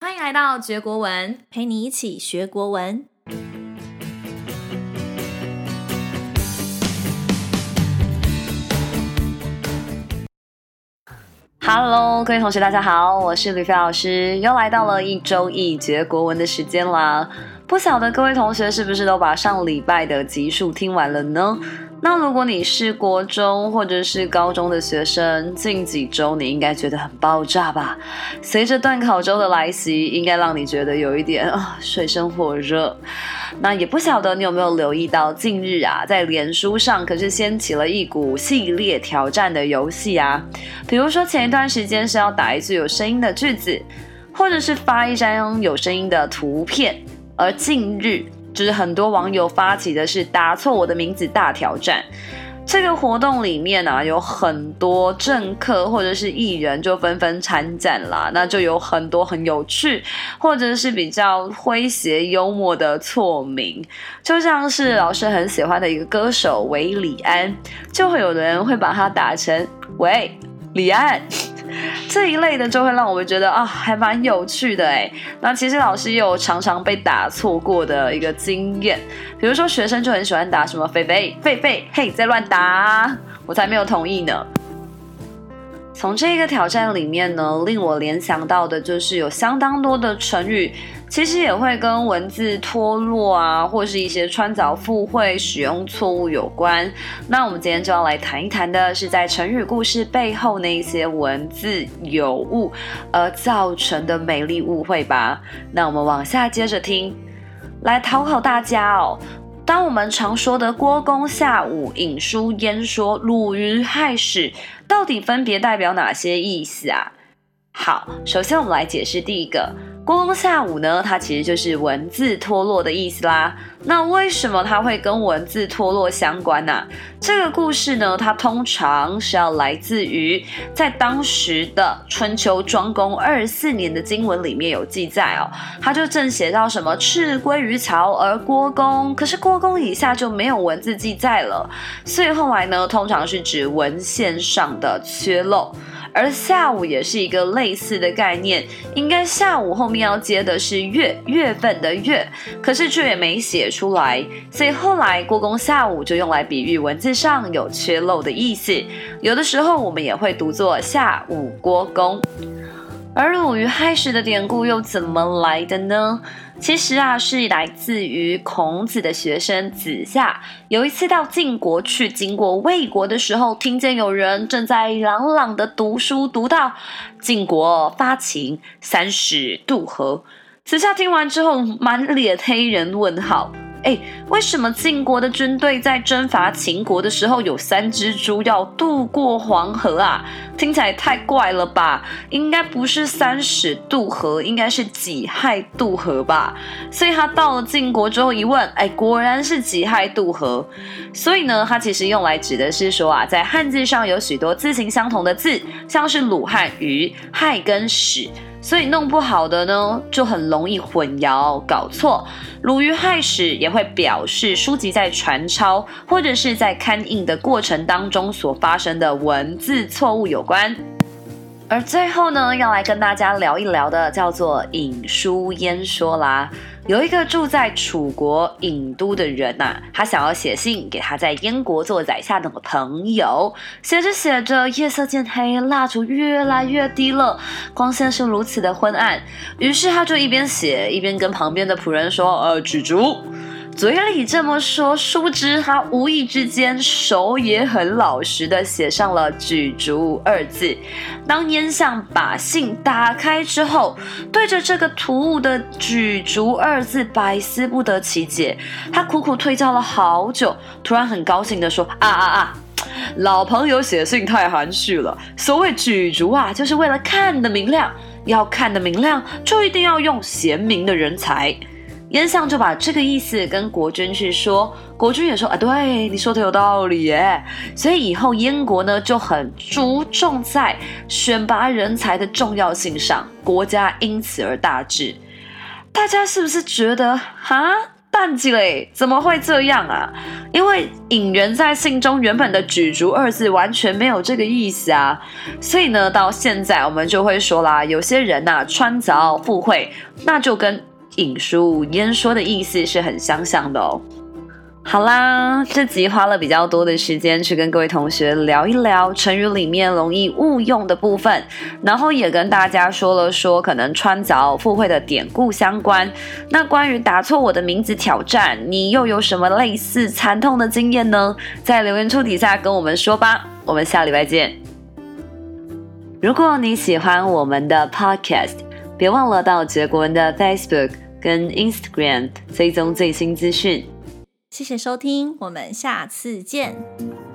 歡迎來到絕國文，陪你一起學國文。Hello，各位同學，大家好，我是李緋老師，又來到了一周一絕國文的時間啦。不曉得各位同學是不是都把上禮拜的集數聽完了呢？那如果你是國中或者是高中的學生，近幾周你應該覺得很爆炸吧？隨着段考周的來襲，應該讓你覺得有一點啊、哦、水深火熱。那也不曉得你有沒有留意到，近日啊在臉書上可是掀起了一股系列挑戰的遊戲啊，比如說前一段時間是要打一句有聲音的句子，或者是發一張有聲音的圖片。而近日，就是很多網友發起的是“打錯我的名字大挑戰”這個活動裡面啊，有很多政客或者是藝人就紛紛參戰啦，那就有很多很有趣或者是比較詼諧幽默的錯名，就像是老師很喜歡的一個歌手韋禮安，就會有人會把他打成喂，李安。這一類的就會讓我們覺得啊、哦，還蠻有趣的哎、欸。那其實老師也有常常被打錯過的一個經驗，比如說學生就很喜歡打什麼飛飛“菲菲狒狒”，嘿，在亂打，我才沒有同意呢。從這個挑戰裡面呢，令我聯想到的就是有相當多的成語。其實也會跟文字脫落啊，或是一些穿鑿附會、使用錯誤有關。那我們今天就要來談一談的是，在成語故事背後那一些文字有誤而造成的美麗誤會吧。那我們往下接着聽，來討好大家哦。當我們常說的“郭公夏五、郢書燕說、魯魚亥豕”，到底分別代表哪些意思啊？好，首先我們來解釋第一個。郭公夏五呢，它其實就是文字脫落的意思啦。那為什麼它會跟文字脫落相關呢、啊？這個故事呢，它通常是要來自於在當時的春秋莊公二十四年的經文裡面有記載哦。它就正寫到什麼“赤歸於曹而郭公”，可是郭公以下就沒有文字記載了，所以後來呢，通常是指文獻上的缺漏。而夏五也是一個類似的概念，應該夏五後面要接的是月，月份的月，可是卻也沒寫出來，所以後來郭公夏五就用來比喻文字上有缺漏的意思。有的時候我們也會讀作夏五郭公。而魯魚亥豕的典故又怎麼來的呢？其實啊，是來自於孔子的學生子夏。有一次到晉國去，經過魏國的時候，聽見有人正在朗朗的讀書，讀到晉國伐秦，三豕渡河。子夏聽完之後，滿臉黑人問號。哎，為什麼晉國的軍隊在征伐秦國的時候有三隻豬要渡過黃河啊？聽起來太怪了吧？應該不是三豕渡河，應該是己亥渡河吧？所以他到了晉國之後一問，哎，果然是己亥渡河。所以呢，它其實用來指的是說啊，在漢字上有許多字形相同的字，像是魯和魚，亥跟豕。所以弄不好的呢，就很容易混淆、搞錯。魯魚亥豕也會表示書籍在傳抄或者是在刊印的過程當中所發生的文字錯誤有關。而最後呢，要來跟大家聊一聊的，叫做郢書燕說啦。有一個住在楚國郢都的人吶、啊，他想要寫信給他在燕國做宰相的朋友。寫着寫着，夜色漸黑，蠟燭越來越低了，光線是如此的昏暗。於是他就一邊寫，一邊跟旁邊的僕人說：“呃，舉燭。”嘴裡這麼說，殊不知他無意之間手也很老實地寫上了“舉燭”二字。當燕相把信打開之後，對着這個突兀的“舉燭”二字百思不得其解。他苦苦推敲了好久，突然很高興地說：“啊啊啊！老朋友寫信太含蓄了。所謂舉燭啊，就是為了看得明亮。要看得明亮，就一定要用賢明的人才。”燕相就把這個意思跟國君去說，國君也說啊，對，你說的有道理耶。所以以後燕國呢，就很注重在選拔人才的重要性上，國家因此而大治。大家是不是覺得啊，淡季嘞，怎麼會這樣啊？因為郢人在信中原本的舉足二字完全沒有這個意思啊。所以呢，到現在我們就會說啦，有些人吶、啊，穿鑿附會，那就跟。郢書燕說的意思是很相像的哦。好啦，這集花了比較多的時間去跟各位同學聊一聊成語裡面容易誤用的部分，然後也跟大家說了說可能穿鑿附會的典故相關。那關於打錯我的名字挑戰，你又有什麼類似慘痛的經驗呢？在留言處底下跟我們說吧。我們下禮拜見。如果你喜歡我們的 podcast，別忘了到杰國文的 Facebook。跟 Instagram 追蹤最新資訊。謝謝收聽，我們下次見。